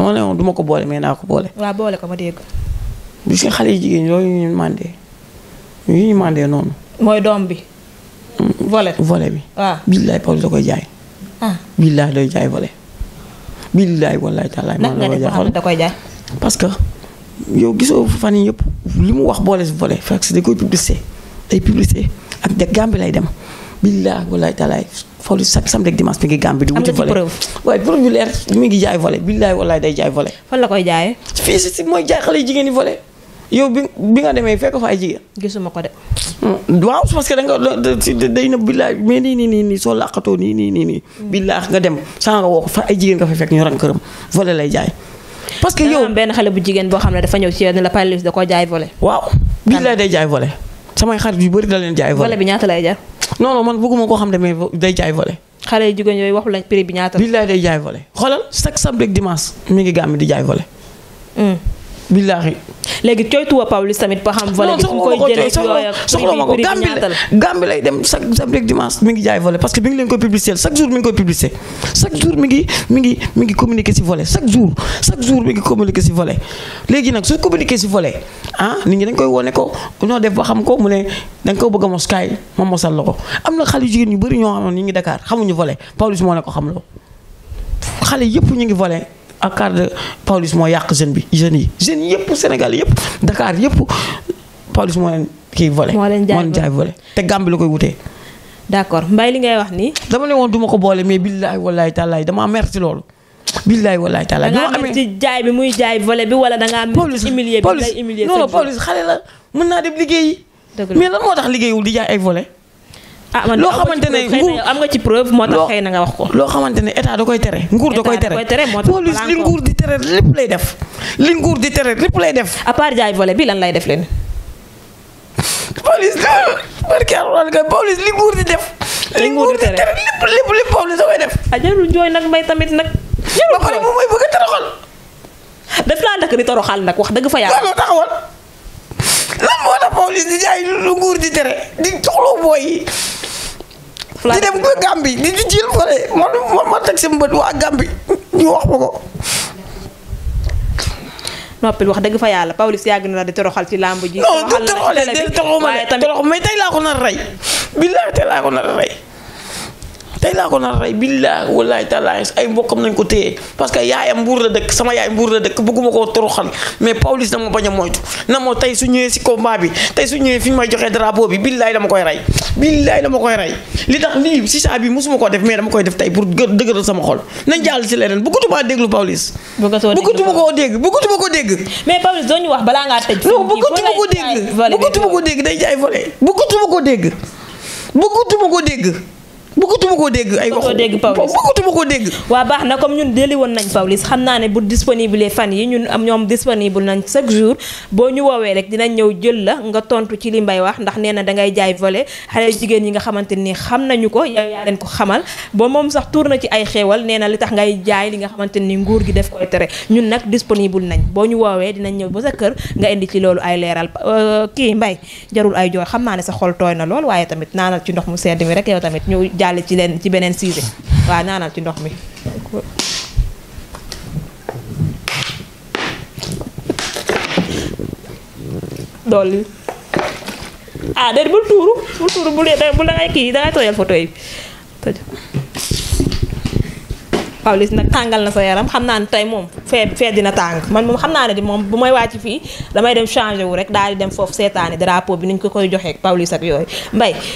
dama ne woon du ko boole mee naa ko boole. waaw boole ko ma dégg. gis nga xale yu jigéen yooyu ñu mandé yu ñu mandé noonu. mooy doom bi. volet volet bi. waaw billaay Pawlish da koy jaay. ah billaay day jaay volet. billaay wallaay taalaay. man la koy da koy jaay. parce que yow gisoo fan yii yëpp li mu wax boole si volet fekk si da koy publicité day publicité ak de Gàmbi lay dem billaay wallaay taalaay. xool sam rek dimanche mi ngi Gambie di wuti volet way pour ñu leer mi ngi jaay volé billahi wallahi day jaay volé fa la koy jaay fi ci moy jaay xale jigen ni volé yow bi nga démé fekk fa ay jigen gisuma ko de hmm. waaw parce que da nga day na billahi mais ni ni ni so soo làqatoo ni ni nii nii hmm. nga dem saa nga woo fa ay jigen nga fa fekk ñu ran kërëm volé lay jaay parce que yow ben xalé bu jigen bo xamna ne dafa ñew ci yéne la paralyse da ko jaay volé waaw kan billahi day jaay volé sama xarit yu bari da leen jaay volé volé bi ñaata lay jaay non man bëgguma koo xam ne mais day jaay volet. xale yu jigéen yooyu waxul lañ prix bi ñaata. billaay day jaay volet xoolal chaque samedi ak dimanche mi ngi gàmmi di jaay volet. billaahi léegi coytuwa Pawlish tamit ba xam volet bi fu koy jëlee soxla ma ko Gàmbi Gàmbi lay dem chaque samedi dimanche mi ngi jaay volet koy publicité chaque jour mi ngi koy publicité chaque jour mi ngi mi ngi mi ngi communiqué si volet chaque jour chaque jour mi ngi communiqué si volet léegi nag su communiqué si volet ah nit ñi dañ koy wone ko ñoo def ba xam ko mu ne da nga bëgg a ma mosal la ko am na xale yu jigéen ñu bëri ñoo xam ne ñu ngi Dakar xamuñu volet Pawlish moo ne Dakar de Pawlish moo yàq jeune bi jeune yi jeune yëpp Sénégal yëpp Dakar yëpp Pawlish moo leen kii volé. moo leen jaay volé te Gàmbi la koy wutee. d'accord Mbaye li ngay wax nii. dama ne woon du ma ko boole mais billaay wallaay tallaay damaa mer ci loolu. billaay wallaay taalaay. ñoo amee ci jaay bi muy jaay volet bi wala da ngaa. Pawlish humilier bi lay humilier non non xale la mën naa dem liggéey mais lan moo tax liggéeyul di jaay ay vole ah man loo xamante ne am nga ci preuve moo tax xëy na wax ko. loo xamante ne état da koy tere. nguur da koy tere police li nguur di tere lépp lay def. li nguur di tere lépp lay def. à part bi lan lay def leen. police barke alxuraan nga police li di def. li nguur di lépp lépp lépp police da koy def. ah jarul nag mbay tamit nag. jarul jooy ba pare moom mooy bëgg a toroxal. daf laa dëkk di toroxal nag wax dëgg fa yàlla. taxawal. Pawlish di jaay lu nguur di tere di soxla booy yi. di dem ba Gambie di di jël fële man ma teg sama bët waa Gambie ñu wax ma ko. noppil wax dëgg fa yàlla Pawlish yàgg na di toroxal ci làmb ji. non du toroxal de toroxu ma tey laa ko nar a rey. billaahi tey laa ko nar a rey. tey laa ko nar a rey billaahi wallaahi taalaa ay mbokkam nañ ko téye parce que yaayam mbuur la dëkk sama yaay mbuur la dëkk bëgguma koo toroxal mais Pawlish dama bañ a moytu na moo tey su ñëwee si combat bi tey su ñëwee fi may joxee drapeau bi billaahi dama koy rey billaahi dama koy rey li tax lii si saa mosuma koo def mais dama koy def tey pour gë dëgëral sama xol nañ jàll si leneen bëggatuma déglu Pawlish. bëggatuma koo dégg bëggatuma wax balaa ngaa tëj. non bëggatuma ko dégg bëggatuma ko dégg day jaay volé bëggatuma ko dégg bëggatuma ko dégg bëggatuma koo dégg ay waxu bëggatuma koo dégg waa baax na comme ñun deli woon nañ Pawlish xam naa ne bu disponible fan yi ñun am ñoom disponible nañ chaque jour boo ñu woowee rek dinañ ñëw jël la nga tontu ci li mbay wax ndax nee na dangay jaay volet jigéen yi nga xamante ni xam nañu ko yow ko xamal ba moom sax tuur na ci ay xéewal nee na li tax ngay jaay li nga xamante ni nguur gi def koy tere ñun nag disponible nañ boo ñu woowee dinañ ñëw ba sa kër nga indi ci loolu ay leeral euh, kii mbay jarul ay joor xam naa ne sa xol tooy na lool waaye tamit naanal ci ndox mu sedd mi rek yow tamit ñu jàll ci leen ci beneen sujet waaw naanal ci ndox mi dolli ah déet bul tuuru bul tuuru bul bul kii da tooyal photo yi toj nag tàngal na sa yaram xam naa ne tey moom fee fee dina tàng man moom xam naa ne di moom bu may wàcc fii damay dem changé wu rek daal di dem foofu seetaani drapeau bi niñ ko koy joxee Pawlish ak yooyu mbay